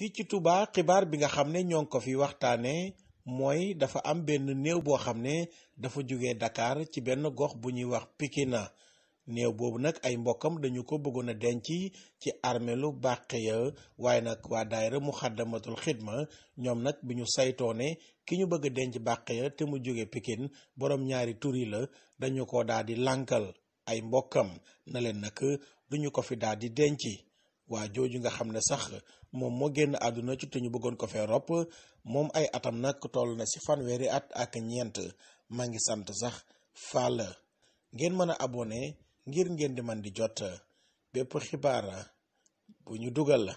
fii ci Touba xibaar bi nga xam ne ñoo ngi ko fi waxtaanee mooy dafa am benn néew boo xam ne dafa jóge dakaar ci benn gox bu ñuy wax Pikina néew boobu nag ay mbokkam dañu ko bëggoon a denc ci armeelu ya waaye nag waa daayira Muxaddamatul Xidma ñoom nag bi ñu saytoo ne ki ñu bëgg a denc ya te mu jóge pikin borom ñaari tur yi la dañu ko daal di lànkal ay mbokkam na leen nag duñu ko fi daal di denc. waa jooju nga xam ne sax moom moo génn àdduna ci te ñu bëggoon ko fee ropp moom ay atam nag toll na ci fanweeri at ak ñeent maa ngi sant sax Fall ngeen mën a abonné ngir ngeen di man di jot bépp xibaara bu ñu dugal la